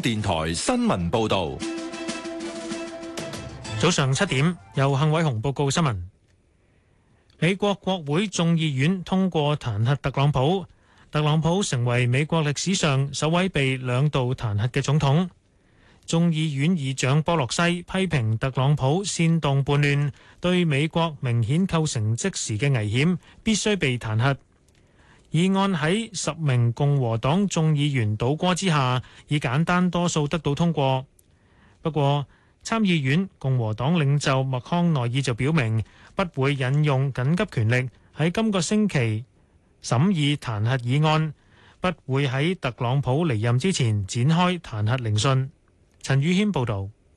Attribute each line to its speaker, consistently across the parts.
Speaker 1: 電台新聞報道：早上七點，由幸偉雄報告新聞。美國國會眾議院通過彈劾特朗普，特朗普成為美國歷史上首位被兩度彈劾嘅總統。眾議院議長波洛西批評特朗普煽動叛亂，對美國明顯構成即時嘅危險，必須被彈劾。議案喺十名共和黨眾議員倒戈之下，以簡單多數得到通過。不過，參議院共和黨領袖麥康奈爾就表明不會引用緊急權力喺今個星期審議彈劾議案，不會喺特朗普離任之前展開彈劾聆訊。陳宇軒報導。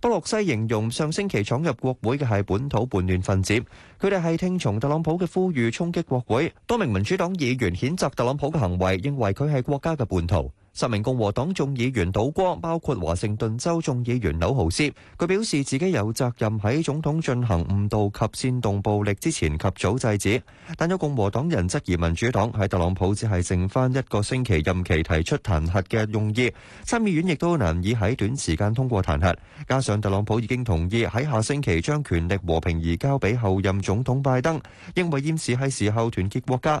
Speaker 2: 布洛西形容上星期闖入國會嘅係本土叛亂分子，佢哋係聽從特朗普嘅呼籲衝擊國會。多名民主黨議員譴責特朗普嘅行為，認為佢係國家嘅叛徒。十名共和黨眾議員倒戈，包括華盛頓州眾議員紐豪斯。佢表示自己有責任喺總統進行誤導及煽動暴力之前及早制止。但有共和黨人質疑民主黨喺特朗普只係剩翻一個星期任期提出彈劾嘅用意。參議院亦都難以喺短時間通過彈劾。加上特朗普已經同意喺下星期將權力和平移交俾後任總統拜登，認為現時係時候團結國家。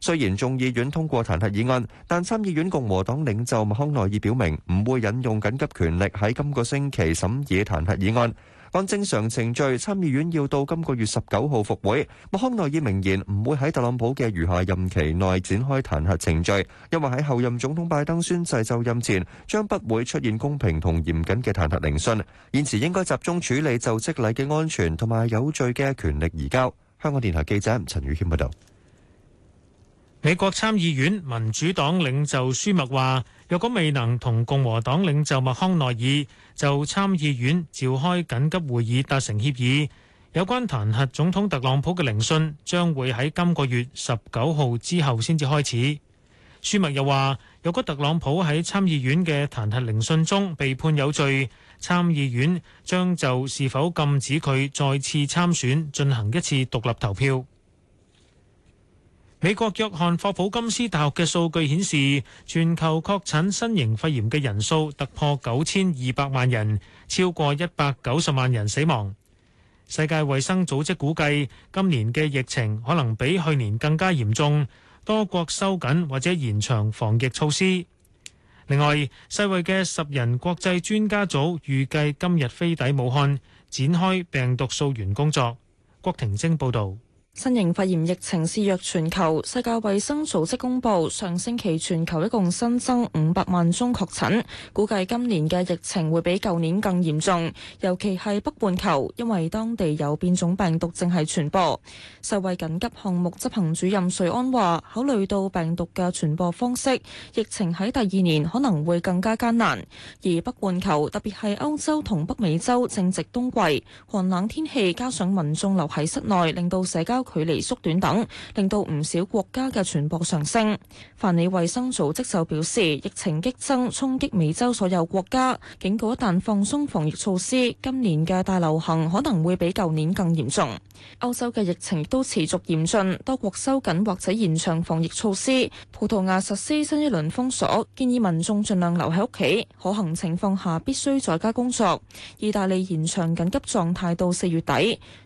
Speaker 2: 雖然眾議院通過彈劾議案，但參議院共和黨領袖麥康奈爾表明唔會引用緊急權力喺今個星期審議彈劾議案。按正常程序，參議院要到今個月十九號復會。麥康奈爾明言唔會喺特朗普嘅餘下任期內展開彈劾程序，因為喺後任總統拜登宣誓就任前，將不會出現公平同嚴謹嘅彈劾聆訊。現時應該集中處理就職禮嘅安全同埋有序嘅權力移交。香港電台記者陳宇軒報道。
Speaker 1: 美國參議院民主黨領袖舒默話：若果未能同共和黨領袖麥康奈爾就參議院召開緊急會議達成協議，有關彈劾總統特朗普嘅聆訊將會喺今個月十九號之後先至開始。舒默又話：若果特朗普喺參議院嘅彈劾聆訊中被判有罪，參議院將就是否禁止佢再次參選進行一次獨立投票。美國約翰霍普金斯大學嘅數據顯示，全球確診新型肺炎嘅人數突破九千二百萬人，超過一百九十萬人死亡。世界衛生組織估計，今年嘅疫情可能比去年更加嚴重，多國收緊或者延長防疫措施。另外，世衛嘅十人國際專家組預計今日飛抵武漢，展開病毒溯源工作。郭婷晶報導。
Speaker 3: 新型肺炎疫情肆虐全球，世界衛生組織公布上星期全球一共新增五百萬宗確診，估計今年嘅疫情會比舊年更嚴重，尤其係北半球，因為當地有變種病毒正係傳播。世衛緊急項目執行主任瑞安話，考慮到病毒嘅傳播方式，疫情喺第二年可能會更加艱難，而北半球特別係歐洲同北美洲正值冬季，寒冷天氣加上民眾留喺室內，令到社交距離縮短等，令到唔少國家嘅傳播上升。泛美衛生組織就表示，疫情激增衝擊美洲所有國家，警告一旦放鬆防疫措施，今年嘅大流行可能會比舊年更嚴重。歐洲嘅疫情都持續嚴峻，多國收緊或者延長防疫措施。葡萄牙實施新一輪封鎖，建議民眾盡量留喺屋企，可行情況下必須在家工作。意大利延長緊急狀態到四月底，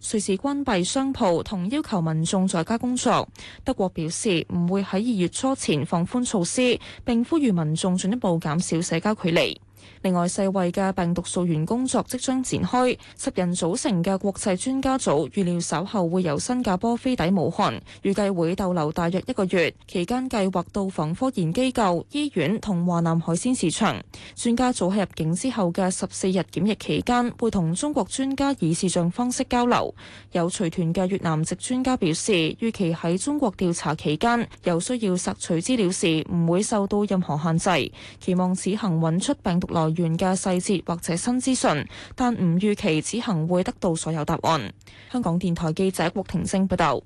Speaker 3: 隨時關閉商鋪同要求求民眾在家工作。德國表示唔會喺二月初前放寬措施，並呼籲民眾進一步減少社交距離。另外，世衛嘅病毒溯源工作即將展開，十人組成嘅國際專家組預料稍後會由新加坡飛抵武漢，預計會逗留大約一個月，期間計劃到訪科研機構、醫院同華南海鮮市場。專家組喺入境之後嘅十四日檢疫期間，會同中國專家以視像方式交流。有隨團嘅越南籍專家表示，預期喺中國調查期間，有需要索取資料時，唔會受到任何限制，期望此行揾出病毒來源嘅細節或者新資訊，但唔預期此行會得到所有答案。香港電台記者郭婷晶報道。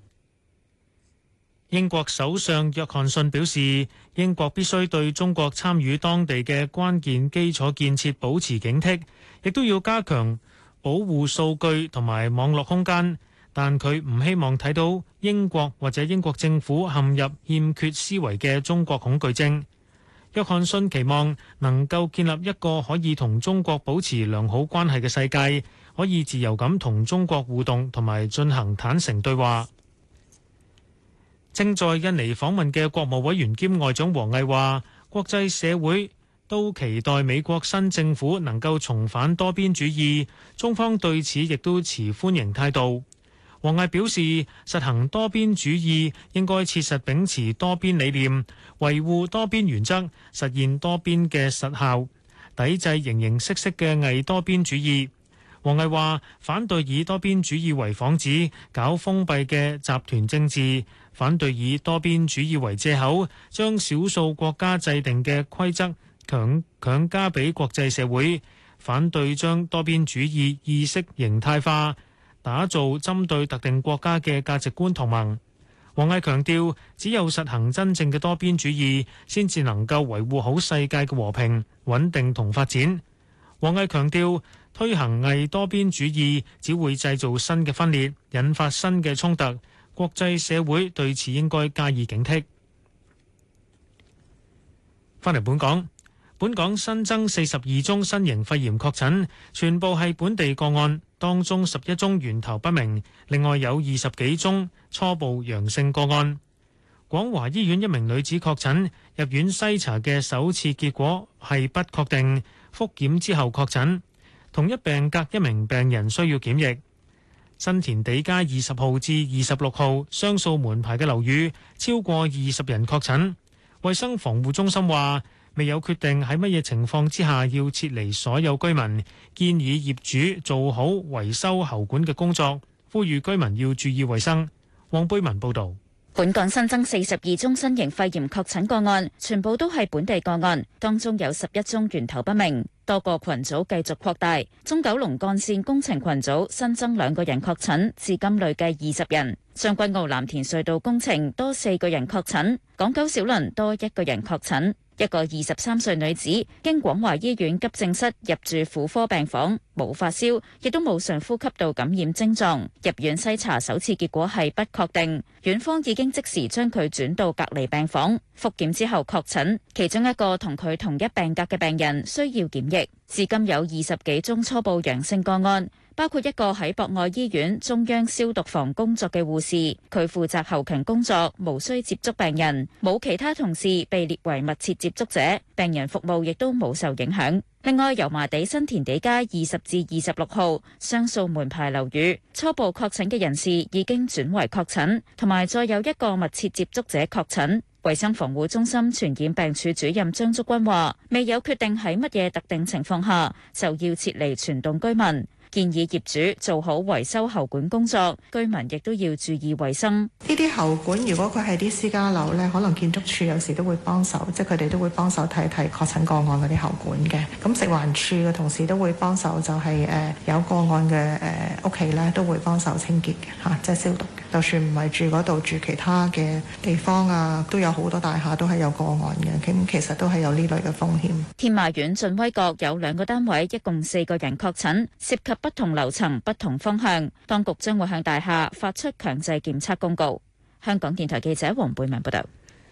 Speaker 1: 英國首相約翰遜表示，英國必須對中國參與當地嘅關鍵基礎建設保持警惕，亦都要加強保護數據同埋網絡空間。但佢唔希望睇到英國或者英國政府陷入欠缺思維嘅中國恐懼症。約翰遜期望能夠建立一個可以同中國保持良好關係嘅世界，可以自由咁同中國互動同埋進行坦誠對話。正在印尼訪問嘅國務委員兼外長王毅話，國際社會都期待美國新政府能夠重返多邊主義，中方對此亦都持歡迎態度。王毅表示，實行多邊主義應該切實秉持多邊理念，維護多邊原則，實現多邊嘅實效，抵制形形色色嘅偽多邊主義。王毅話：反對以多邊主義為幌子搞封閉嘅集團政治，反對以多邊主義為借口將少數國家制定嘅規則強強加俾國際社會，反對將多邊主義意識形態化。打造針對特定國家嘅價值觀同盟。王毅強調，只有實行真正嘅多邊主義，先至能夠維護好世界嘅和平、穩定同發展。王毅強調，推行偽多邊主義，只會製造新嘅分裂，引發新嘅衝突。國際社會對此應該加以警惕。翻嚟本港。本港新增四十二宗新型肺炎確診，全部係本地個案，當中十一宗源頭不明，另外有二十幾宗初步陽性個案。廣華醫院一名女子確診入院篩查嘅首次結果係不確定，複檢之後確診。同一病隔一名病人需要檢疫。新填地街二十號至二十六號雙數門牌嘅樓宇超過二十人確診。衛生防護中心話。未有決定喺乜嘢情況之下要撤離所有居民，建議業主做好維修喉管嘅工作，呼籲居民要注意衞生。黃貝文報導，本港
Speaker 4: 新增四十二宗新型肺炎確診個案，全部都係本地個案，當中有十一宗源頭不明，多個群組繼續擴大。中九龍幹線工程群組新增兩個人確診，至今累計二十人。將軍澳藍田隧道工程多四個人確診，港九小輪多一個人確診。一個二十三歲女子經廣華醫院急症室入住婦科病房，冇發燒，亦都冇上呼吸道感染症狀。入院篩查首次結果係不確定，院方已經即時將佢轉到隔離病房覆檢之後確診。其中一個同佢同一病格嘅病人需要檢疫。至今有二十幾宗初步陽性個案。包括一個喺博愛醫院中央消毒房工作嘅護士，佢負責後勤工作，無需接觸病人，冇其他同事被列為密切接觸者。病人服務亦都冇受影響。另外，油麻地新填地街二十至二十六號雙數門牌樓宇，初步確診嘅人士已經轉為確診，同埋再有一個密切接觸者確診。衛生防護中心傳染病處主任張竹君話：未有決定喺乜嘢特定情況下就要撤離全棟居民。建議業主做好維修喉管工作，居民亦都要注意衞生。呢啲喉管如果佢係
Speaker 3: 啲私家樓呢，可能建築署有時都會幫手，即係佢哋都會幫手睇睇確診個案嗰啲喉管嘅。咁食環署嘅同事都會幫手，就係、是、誒、呃、有個案嘅誒屋企呢都會幫手清潔嘅嚇、啊，即係消毒。就算唔係住嗰度住其他嘅地方啊，都有好多大廈都係有個案嘅，咁其實都係有呢類嘅風險。天
Speaker 4: 馬苑俊威閣有兩個單位，一共四個人確診，涉及。不同樓層、不同方向，當局將會向大廈發出強制檢測公告。香港電台記者黃貝文報道：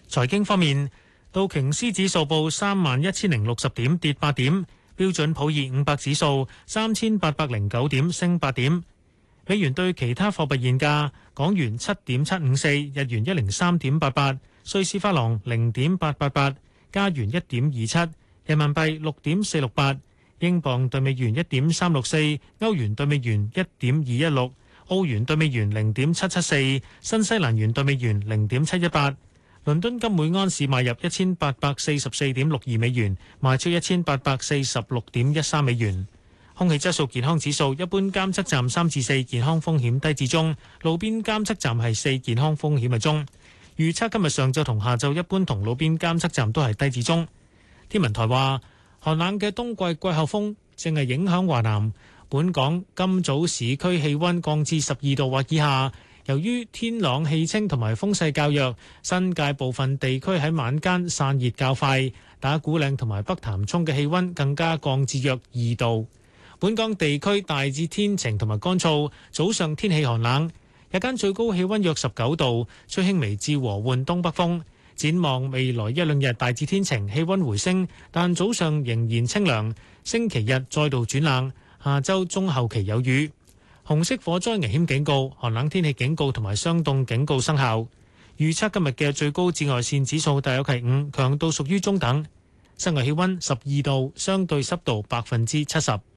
Speaker 1: 財經方面，道瓊斯指數報三萬一千零六十點，跌八點；標準普爾五百指數三千八百零九點，升八點。美元對其他貨幣現價：港元七點七五四，日元一零三點八八，瑞士法郎零點八八八，加元一點二七，人民幣六點四六八。英鎊兌美元一點三六四，歐元兌美元一點二一六，澳元兌美元零點七七四，新西蘭元兌美元零點七一八。倫敦金每安士買入一千八百四十四點六二美元，賣出一千八百四十六點一三美元。空氣質素健康指數，一般監測站三至四，4，健康風險低至中；路邊監測站係四，健康風險係中。預測今日上晝同下晝，一般同路邊監測站都係低至中。天文台話。寒冷嘅冬季季候風正係影響華南，本港今早市區氣溫降至十二度或以下。由於天朗氣清同埋風勢較弱，新界部分地區喺晚間散熱較快，打鼓嶺同埋北潭涌嘅氣溫更加降至約二度。本港地區大致天晴同埋乾燥，早上天氣寒冷，日間最高氣溫約十九度，吹輕微至和緩東北風。展望未來一兩日大，大致天晴，氣温回升，但早上仍然清涼。星期日再度轉冷，下周中後期有雨。紅色火災危險警告、寒冷天氣警告同埋霜凍警告生效。預測今日嘅最高紫外線指數大約係五，強度屬於中等。室外氣温十二度，相對濕度百分之七十。